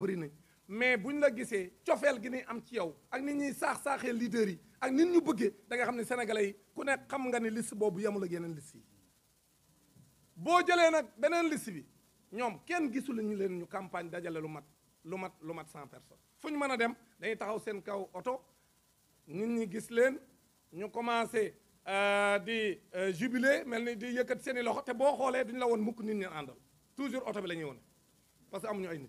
bëri nañ mais buñ la gisee cofeel gi ni am ci yow ak nit ñuy saax saaxee leader yi ak nit ñu bëggee danga xam ne sénégalais yi ku nekk xam nga ni liste boobu yemul ak yeneen liste yi boo jëlee nag beneen liste bi ñoom kenn gisul ñu leen ñu campagne dajale lu mat lu mat lu mat cent personnes fu ñu mën a dem dañuy taxaw seen kaw oto nit ñi gis leen ñu commencé euh, di euh, jubilé mel ni di yëkkat seen i loxo te boo xoolee duñu la woon mukk nit ñi àndal toujours oto bi la ñuy wone que amuñu ay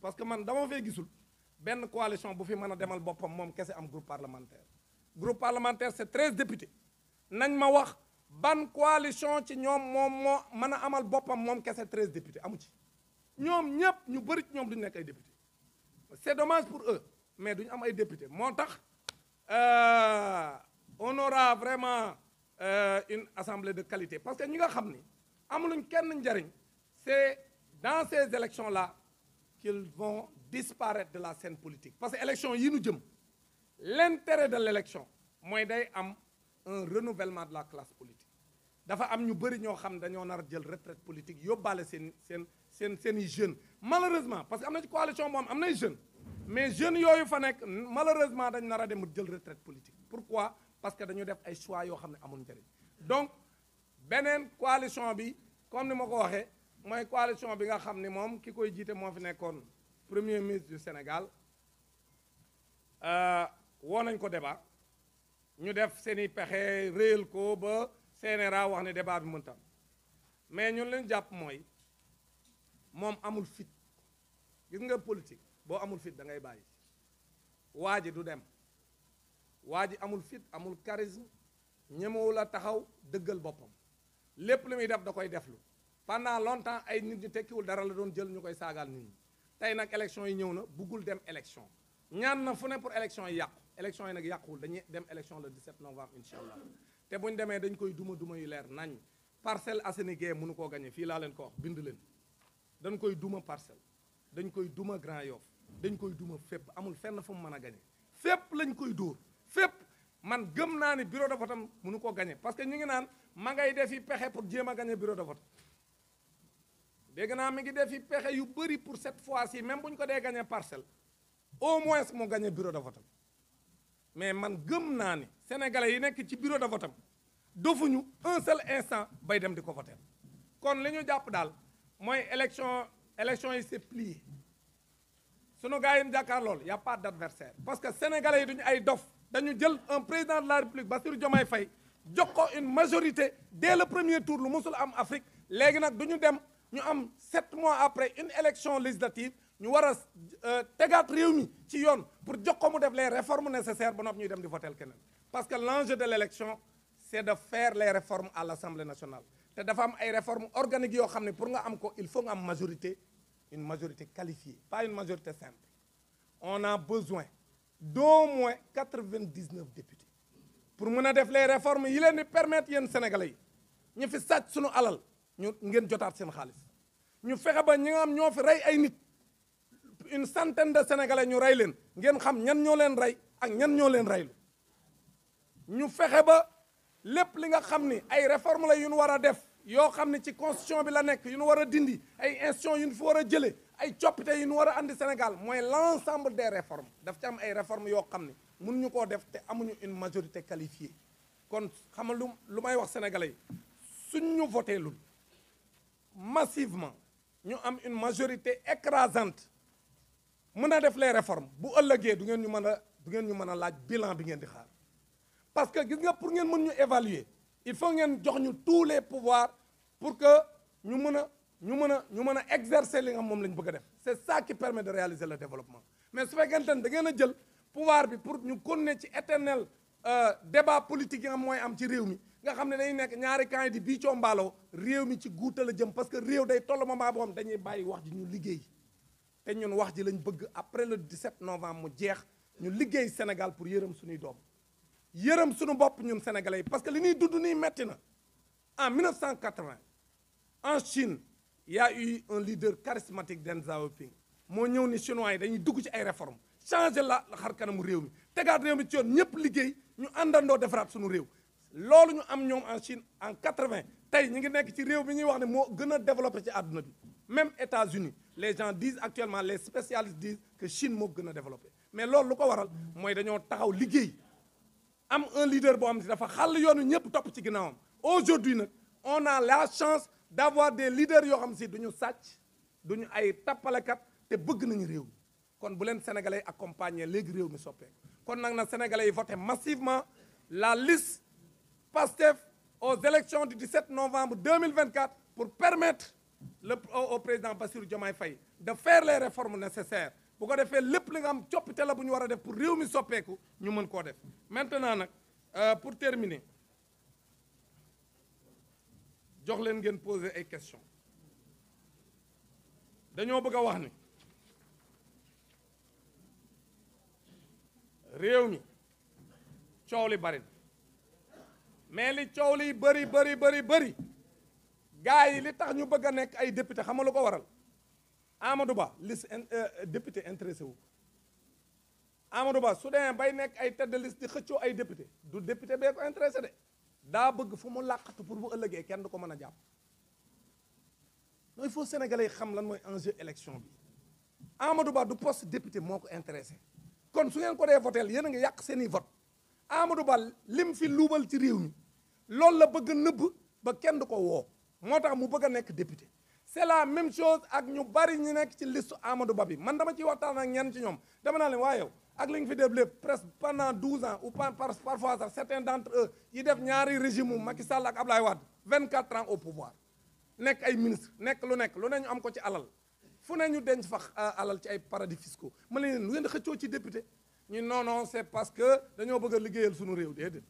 parce que man dama fee gisul ben coalition bu fi mën a demal boppam qu'est-ce un groupe parlementaire groupe parlementaire c'est 13 députés nañ ma wax ban coalition ci moom a amal députés amu ci ñu députés c'est dommage pour eux mais nous avons des députés moo euh, on aura vraiment euh, une assemblée de qualité parce que nous savons xam ni c'est dans ces élections là qu'ils vont disparaître de la scène politique parce que l'élection, yi l'intérêt de l'élection c'est day un renouvellement de la classe politique dafa am ñu bëri ñoo xam retraite politique Nous avons une seen jeunes malheureusement parce que nous avons une coalition moom am jeunes mais jeunes yo fa malheureusement ils ont a dem retraite politique pourquoi parce que dañu def ay choix yoo xam ne amul donc coalition bi comme ni l'ai dit, mooy coalition bi nga xam ni moom ki koy jiite moo fi nekkoon premier ministre du Sénégal euh, woo nañ ko débat ñu def seen i pexe réel ko ba CNRA wax ne débat bi mëntam mais ñun leen jàpp mooy moom amul fit gis nga politique boo amul fit da ngay bàyyi waa ji du dem waa ji amul fit amul charisme ñemewul a taxaw dëggal boppam lépp lu muy def da koy deflu pendant longtemps ay nit dara la doon nous nit yi élections dem élection ñaan na pour dem le 17 novembre fait des te buñ avons dañ koy duma duma yu leer des Parcelles avons mënu parcelles. Nous fi la leen ko wax bind leen dañ koy duma dañ koy duma Grand dañ koy duma amul fenn fu lañ koy man gëm ni bureau de vote mënu parce que nous, naan ma ngay yi pexé pour bureau de vote dégg naa mi ngi def fi pexe yu pour cette fois-ci même bu ñu ko dee gagné parcelle au moins mu gagné bureau de vote mais man gëm que les sénégalais yi dans ci bureau de vote am dofuñu un seul instant bay dem di voter kon li ñu jàpp daal élection élection il c'est plié sunu gars yi ñu jàkkaar il y a pas d'adversaire parce que sénégalais yi duñu ay dof dañu jël un président de la république Bassir Diomaye Faye jox ko une majorité dès le premier tour lu musul am Afrique léegi nag duñu dem. Nous avons, sept mois après une élection législative nous avons a euh, tegaat ci pour jox les réformes nécessaires pour que nous dem voter. parce que l'enjeu de l'élection c'est de faire les réformes à l'Assemblée nationale Et dafa am ay réformes organiques pour nga il faut une majorité une majorité qualifiée pas une majorité simple on a besoin d'au moins 99 députés pour nous faire les réformes Il nécessaire permettre aux sénégalais de faire ça alal ñu ngeen jotaat seen xaalis ñu fexe ba ñi xam ñoo fi rey ay nit une centaine de sénégalais ñu rey leen ngeen xam ñan ñoo leen rey ak ñan ñoo leen reylu ñu fexe ba lépp li nga xam ni ay réforme la yu ñu war a def yoo xam ne ci constitution bi la nekk yu ñu war a dindi ay institution yu ñu fi war a jëlee ay coppite yu ñu war a andi Sénégal mooy l'ensemble de réformes daf ci am ay réformes yoo xam ne mënuñu koo def te amuñu une majorité qualifiée kon xam lu lu may wax sénégalais suñ ñu voté massivement nous avons une majorité écrasante Nous avons def les réformes bu vous du ngeen ñu mën bilan bi ngeen di parce que pour pour ngeen nous ñu évaluer il faut que nous ñu tous les pouvoirs pour que nous puissions ñu exercer li nga moom la ñu ça qui permet de réaliser le développement mais si vous avez da pouvoir pour ñu nous ci éternel euh, débat politique qui nga mooy am nga xam ne dañuy nekk ñaari camp yi di bii combaaloo réew mi ci guuta la jëm parce que réew day toll moment boo dañuy bàyyi wax ji ñu liggéey te ñun wax ji lañ bëgg après le 17 novembre mu jeex ñu liggéey Sénégal pour yërëm suñuy doom yërëm sunu bopp ñun sénégalais parce que li ñuy dund nuy metti na en 1980 en Chine y a eu un leader charismatique Deng Xiaoping moo ñëw ni chinois yi dañuy dugg ci ay réformes changer la xar kanamu réew mi tegaat réew mi ci yoon ñëpp liggéey ñu àndandoo defaraat suñu réew lolu ñu am ñom en Chine en 80, tay tey ñu ngi nekk ci réew bi ñuy wax ne mo gëna développer ci aduna bi même États-Unis les gens disent actuellement les spécialistes disent que Chine mo gëna développer mais lolu lu ko waral moy dañoo taxaw liggéey am un leader bo am dafa xal yoonu ñepp top ci ginnaawam aujourd'hui nak on a la chance d'avoir des leaders yo xam si duñu sacc duñu ay kat té bëgg nañu réew mi kon bu len sénégalais accompagner léegi réew mi soppé kon nak na sénégalais yi voté massivement la liste aux élections du 17 novembre 2024 pour permettre au président Bassir Diomaye Faye de faire les réformes nécessaires pour ko fait le plus nga am la pour réunir ce pays. maintenant euh, pour terminer je vais poser une question. Je bëgg a wax ni réew mais li coow liy bëri bëri bëri bëri gars yi li tax ñu bëgg a nekk ay député xam nga lu ko waral Amadou Ba liste euh, député intéressé wu Amadou Ba su demee bay nekk ay tête de liste di xëccoo ay député du député bee ko intéressé de daa bëgg fu mu làqatu pour bu ëllëgee kenn du ko mën a jàpp il faut sénégalais xam lan mooy enjeu élection bi Amadou Ba du poste député moo ko intéressé kon su ngeen ko dee voteel yéen a ngi yàq seen i vote Amadou Ba lim fi luubal ci réew mi loolu la bëgg a nëbb ba kenn du ko woo moo tax mu bëgg a nekk député c'est la même chose ak ñu bari ñu nekk ci list Amadou Ba bi man dama ciy waxtaan ak ñenn ci ñoom dama naa leen waaye yow ak li nga fi def lépp presque pendant 12 ans ou par parfois sax certains d'entre eux yi def ñaari régime mu Macky Sall ak Abdoulaye Wade 24 ans au pouvoir nekk ay ministre nekk lu nekk lu ne ñu am ko ci alal fu ne ñu denc fax euh, alal ci ay paradis fiscaux ma leen lu ngeen xëccoo ci député. non non c'est parce que nous bëgg besoin liggéeyal suñu réew déedéet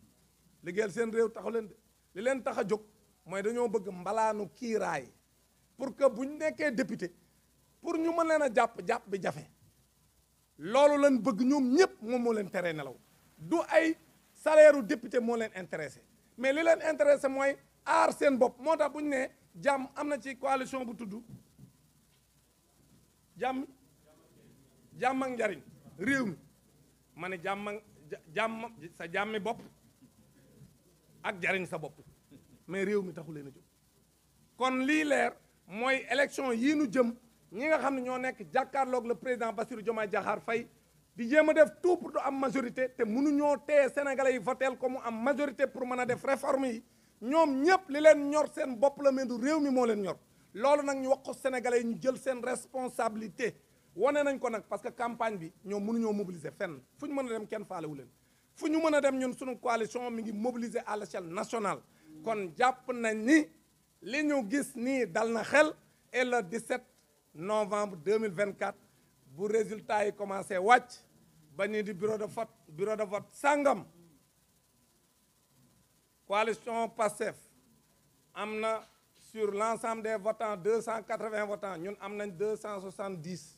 liggéeyal seen réew taxu leen de li leen tax a jóg bëgg pour que buñ député pour ñu mën leen a jàpp jàpp bi jafe loolu leen bëgg ñoom ñëpp du ay salaire député moo mais li leen intéressé mooy aar seen bopp tax ci coalition bu ma ne jàmm jàmm sa jàmmi bopp ak jariñ sa bopp mais réew mi taxu leen a jóg kon lii leer mooy élection yii nu jëm ñi nga xam ne ñoo nekk jàkkaarloog la président Bassirou Diomaye Diakhar Faye di jéem a def tout pour du am majorité te mënuñoo teye sénégalais yi voteel ko mu am majorité pour mën a def réforme yi ñoom ñëpp li leen ñor seen bopp la mais du réew mi moo leen ñor loolu nag ñu wax ko sénégalais yi ñu jël seen responsabilité On nañ ko nak parce que campagne bi sommes ñoo mobiliser fenn fu mëna dem kenn coalition mi ngi mobiliser à l'échelle nationale kon japp nañ ni li ñu gis ni dal xel et le 17 novembre 2024 le résultat yi commencé wacc ba ni di bureau de vote bureau de vote sangam coalition PASSEF, amna sur l'ensemble des votants 280 votants ñun amnañ 270